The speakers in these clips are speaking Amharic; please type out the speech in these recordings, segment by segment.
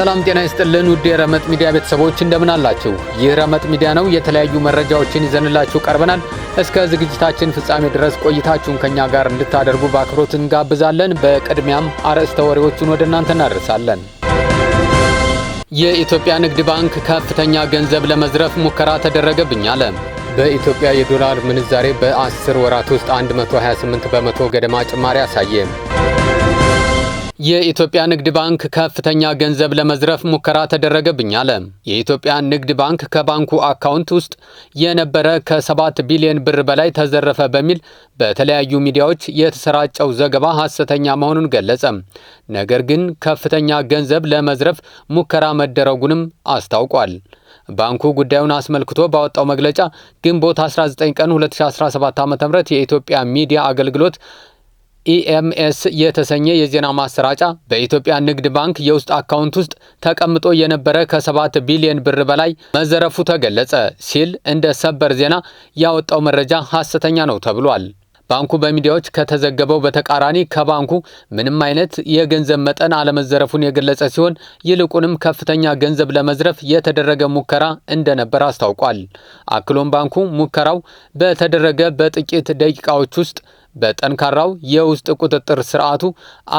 ሰላም ጤና ይስጥልን ውድ የረመጥ ሚዲያ ቤተሰቦች እንደምን አላችሁ? ይህ ረመጥ ሚዲያ ነው። የተለያዩ መረጃዎችን ይዘንላችሁ ቀርበናል። እስከ ዝግጅታችን ፍጻሜ ድረስ ቆይታችሁን ከኛ ጋር እንድታደርጉ በአክብሮት እንጋብዛለን። በቅድሚያም አርዕስተ ወሬዎቹን ወደ እናንተ እናደርሳለን። የኢትዮጵያ ንግድ ባንክ ከፍተኛ ገንዘብ ለመዝረፍ ሙከራ ተደረገብኝ አለ። በኢትዮጵያ የዶላር ምንዛሬ በ10 ወራት ውስጥ 128 በመቶ ገደማ ጭማሪ አሳየ። የኢትዮጵያ ንግድ ባንክ ከፍተኛ ገንዘብ ለመዝረፍ ሙከራ ተደረገብኝ አለ። የኢትዮጵያ ንግድ ባንክ ከባንኩ አካውንት ውስጥ የነበረ ከ7 ቢሊዮን ብር በላይ ተዘረፈ በሚል በተለያዩ ሚዲያዎች የተሰራጨው ዘገባ ሐሰተኛ መሆኑን ገለጸ። ነገር ግን ከፍተኛ ገንዘብ ለመዝረፍ ሙከራ መደረጉንም አስታውቋል። ባንኩ ጉዳዩን አስመልክቶ ባወጣው መግለጫ ግንቦት 19 ቀን 2017 ዓ.ም የኢትዮጵያ ሚዲያ አገልግሎት ኢኤምኤስ የተሰኘ የዜና ማሰራጫ በኢትዮጵያ ንግድ ባንክ የውስጥ አካውንት ውስጥ ተቀምጦ የነበረ ከሰባት ቢሊዮን ብር በላይ መዘረፉ ተገለጸ ሲል እንደ ሰበር ዜና ያወጣው መረጃ ሐሰተኛ ነው ተብሏል። ባንኩ በሚዲያዎች ከተዘገበው በተቃራኒ ከባንኩ ምንም አይነት የገንዘብ መጠን አለመዘረፉን የገለጸ ሲሆን ይልቁንም ከፍተኛ ገንዘብ ለመዝረፍ የተደረገ ሙከራ እንደነበር አስታውቋል። አክሎም ባንኩ ሙከራው በተደረገ በጥቂት ደቂቃዎች ውስጥ በጠንካራው የውስጥ ቁጥጥር ስርዓቱ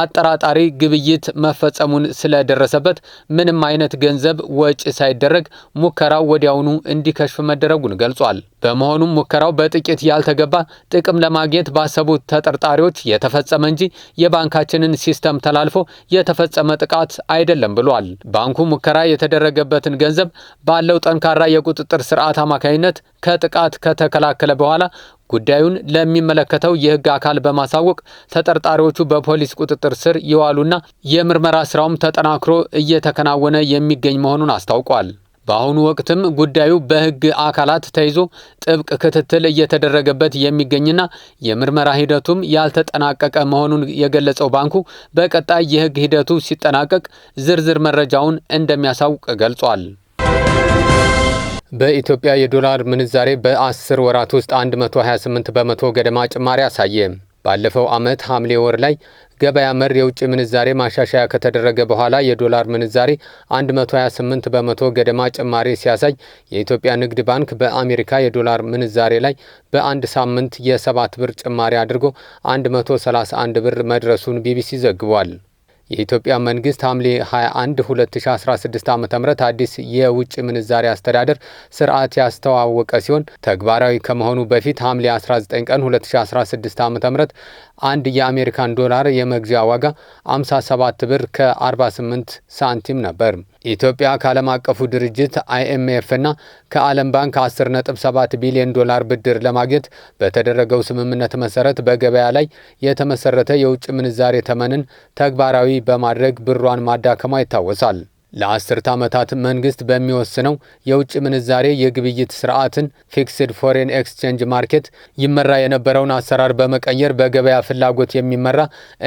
አጠራጣሪ ግብይት መፈጸሙን ስለደረሰበት ምንም አይነት ገንዘብ ወጪ ሳይደረግ ሙከራው ወዲያውኑ እንዲከሽፍ መደረጉን ገልጿል። በመሆኑም ሙከራው በጥቂት ያልተገባ ጥቅም ለማግኘት ባሰቡ ተጠርጣሪዎች የተፈጸመ እንጂ የባንካችንን ሲስተም ተላልፎ የተፈጸመ ጥቃት አይደለም ብሏል። ባንኩ ሙከራ የተደረገበትን ገንዘብ ባለው ጠንካራ የቁጥጥር ስርዓት አማካኝነት ከጥቃት ከተከላከለ በኋላ ጉዳዩን ለሚመለከተው የህግ አካል በማሳወቅ ተጠርጣሪዎቹ በፖሊስ ቁጥጥር ስር ይዋሉና የምርመራ ስራውም ተጠናክሮ እየተከናወነ የሚገኝ መሆኑን አስታውቋል። በአሁኑ ወቅትም ጉዳዩ በህግ አካላት ተይዞ ጥብቅ ክትትል እየተደረገበት የሚገኝና የምርመራ ሂደቱም ያልተጠናቀቀ መሆኑን የገለጸው ባንኩ በቀጣይ የህግ ሂደቱ ሲጠናቀቅ ዝርዝር መረጃውን እንደሚያሳውቅ ገልጿል። በኢትዮጵያ የዶላር ምንዛሬ በ10 ወራት ውስጥ 128 በመቶ ገደማ ጭማሪ አሳየ። ባለፈው ዓመት ሐምሌ ወር ላይ ገበያ መር የውጭ ምንዛሬ ማሻሻያ ከተደረገ በኋላ የዶላር ምንዛሬ 128 በመቶ ገደማ ጭማሪ ሲያሳይ የኢትዮጵያ ንግድ ባንክ በአሜሪካ የዶላር ምንዛሬ ላይ በአንድ ሳምንት የ7 ብር ጭማሪ አድርጎ 131 ብር መድረሱን ቢቢሲ ዘግቧል። የኢትዮጵያ መንግስት ሐምሌ 21 2016 ዓ ም አዲስ የውጭ ምንዛሪ አስተዳደር ስርዓት ያስተዋወቀ ሲሆን ተግባራዊ ከመሆኑ በፊት ሐምሌ 19 ቀን 2016 ዓ ም አንድ የአሜሪካን ዶላር የመግዣ ዋጋ 57 ብር ከ48 ሳንቲም ነበር። ኢትዮጵያ ከዓለም አቀፉ ድርጅት አይኤምኤፍ እና ከዓለም ባንክ 10.7 ቢሊዮን ዶላር ብድር ለማግኘት በተደረገው ስምምነት መሰረት በገበያ ላይ የተመሰረተ የውጭ ምንዛሬ ተመንን ተግባራዊ በማድረግ ብሯን ማዳከሟ ይታወሳል። ለአስርተ ዓመታት መንግስት በሚወስነው የውጭ ምንዛሬ የግብይት ስርዓትን ፊክስድ ፎሬን ኤክስቼንጅ ማርኬት ይመራ የነበረውን አሰራር በመቀየር በገበያ ፍላጎት የሚመራ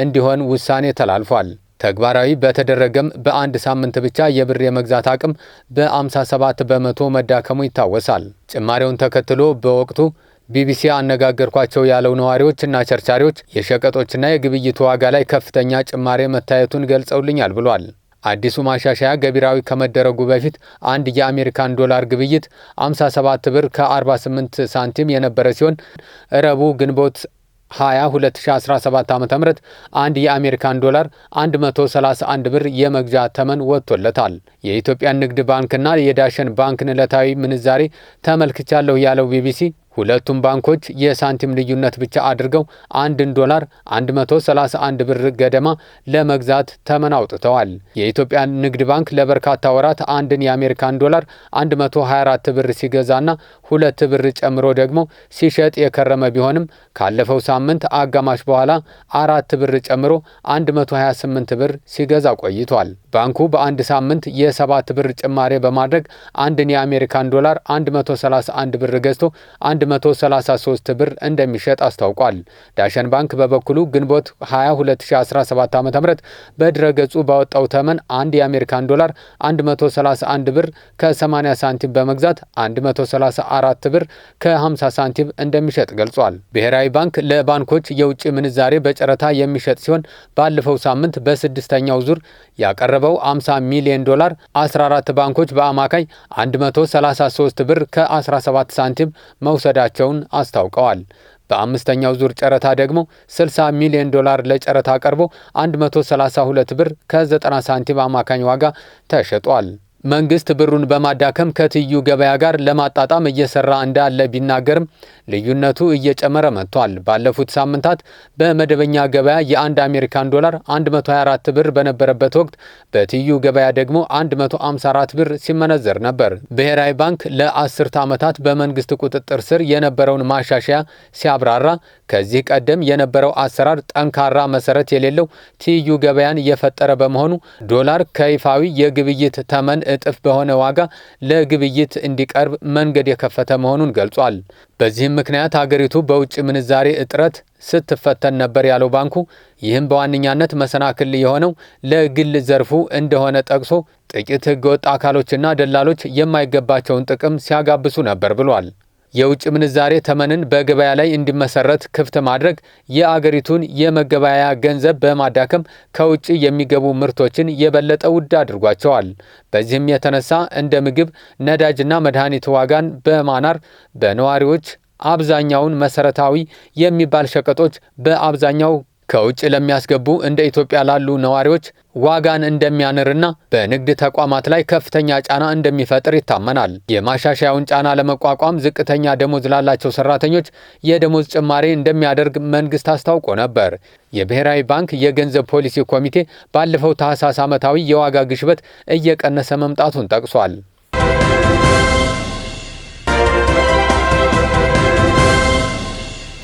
እንዲሆን ውሳኔ ተላልፏል። ተግባራዊ በተደረገም በአንድ ሳምንት ብቻ የብር የመግዛት አቅም በ57 በመቶ መዳከሙ ይታወሳል። ጭማሪውን ተከትሎ በወቅቱ ቢቢሲ አነጋገርኳቸው ያለው ነዋሪዎችና ቸርቻሪዎች የሸቀጦችና የግብይቱ ዋጋ ላይ ከፍተኛ ጭማሬ መታየቱን ገልጸውልኛል ብሏል። አዲሱ ማሻሻያ ገቢራዊ ከመደረጉ በፊት አንድ የአሜሪካን ዶላር ግብይት 57 ብር ከ48 ሳንቲም የነበረ ሲሆን ረቡዕ ግንቦት 20 2017 ዓ ም አንድ የአሜሪካን ዶላር 131 ብር የመግዣ ተመን ወጥቶለታል። የኢትዮጵያን ንግድ ባንክና የዳሸን ባንክን ዕለታዊ ምንዛሬ ተመልክቻለሁ ያለው ቢቢሲ ሁለቱም ባንኮች የሳንቲም ልዩነት ብቻ አድርገው አንድን ዶላር 131 ብር ገደማ ለመግዛት ተመን አውጥተዋል። የኢትዮጵያ ንግድ ባንክ ለበርካታ ወራት አንድን የአሜሪካን ዶላር 124 ብር ሲገዛና ሁለት ብር ጨምሮ ደግሞ ሲሸጥ የከረመ ቢሆንም ካለፈው ሳምንት አጋማሽ በኋላ አራት ብር ጨምሮ 128 ብር ሲገዛ ቆይቷል። ባንኩ በአንድ ሳምንት የሰባት ብር ጭማሬ በማድረግ አንድን የአሜሪካን ዶላር 131 ብር ገዝቶ 133 ብር እንደሚሸጥ አስታውቋል። ዳሸን ባንክ በበኩሉ ግንቦት 20 2017 ዓ ም በድረ ገጹ ባወጣው ተመን አንድ የአሜሪካን ዶላር 131 ብር ከ80 ሳንቲም በመግዛት 134 ብር ከ50 ሳንቲም እንደሚሸጥ ገልጿል። ብሔራዊ ባንክ ለባንኮች የውጭ ምንዛሬ በጨረታ የሚሸጥ ሲሆን ባለፈው ሳምንት በስድስተኛው ዙር ያቀረበው 50 ሚሊዮን ዶላር 14 ባንኮች በአማካይ 133 ብር ከ17 ሳንቲም መውሰድ መውሰዳቸውን አስታውቀዋል። በአምስተኛው ዙር ጨረታ ደግሞ 60 ሚሊዮን ዶላር ለጨረታ ቀርቦ 132 ብር ከ90 ሳንቲም አማካኝ ዋጋ ተሸጧል። መንግስት ብሩን በማዳከም ከትይዩ ገበያ ጋር ለማጣጣም እየሰራ እንዳለ ቢናገርም ልዩነቱ እየጨመረ መጥቷል። ባለፉት ሳምንታት በመደበኛ ገበያ የአንድ አሜሪካን ዶላር 124 ብር በነበረበት ወቅት በትዩ ገበያ ደግሞ 154 ብር ሲመነዘር ነበር። ብሔራዊ ባንክ ለአስርተ ዓመታት በመንግስት ቁጥጥር ስር የነበረውን ማሻሻያ ሲያብራራ ከዚህ ቀደም የነበረው አሰራር ጠንካራ መሰረት የሌለው ትይዩ ገበያን እየፈጠረ በመሆኑ ዶላር ከይፋዊ የግብይት ተመን እጥፍ በሆነ ዋጋ ለግብይት እንዲቀርብ መንገድ የከፈተ መሆኑን ገልጿል። በዚህም ምክንያት አገሪቱ በውጭ ምንዛሬ እጥረት ስትፈተን ነበር ያለው ባንኩ ይህም በዋነኛነት መሰናክል የሆነው ለግል ዘርፉ እንደሆነ ጠቅሶ ጥቂት ህገወጥ አካሎችና ደላሎች የማይገባቸውን ጥቅም ሲያጋብሱ ነበር ብሏል። የውጭ ምንዛሬ ተመንን በገበያ ላይ እንዲመሰረት ክፍት ማድረግ፣ የአገሪቱን የመገበያያ ገንዘብ በማዳከም ከውጭ የሚገቡ ምርቶችን የበለጠ ውድ አድርጓቸዋል። በዚህም የተነሳ እንደ ምግብ፣ ነዳጅና መድኃኒት ዋጋን በማናር በነዋሪዎች አብዛኛውን መሰረታዊ የሚባል ሸቀጦች በአብዛኛው ከውጭ ለሚያስገቡ እንደ ኢትዮጵያ ላሉ ነዋሪዎች ዋጋን እንደሚያንርና በንግድ ተቋማት ላይ ከፍተኛ ጫና እንደሚፈጥር ይታመናል። የማሻሻያውን ጫና ለመቋቋም ዝቅተኛ ደሞዝ ላላቸው ሰራተኞች የደሞዝ ጭማሪ እንደሚያደርግ መንግስት አስታውቆ ነበር። የብሔራዊ ባንክ የገንዘብ ፖሊሲ ኮሚቴ ባለፈው ታህሳስ ዓመታዊ የዋጋ ግሽበት እየቀነሰ መምጣቱን ጠቅሷል።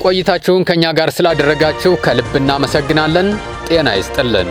ቆይታችሁን ከእኛ ጋር ስላደረጋችሁ ከልብ እናመሰግናለን። ጤና ይስጥልን።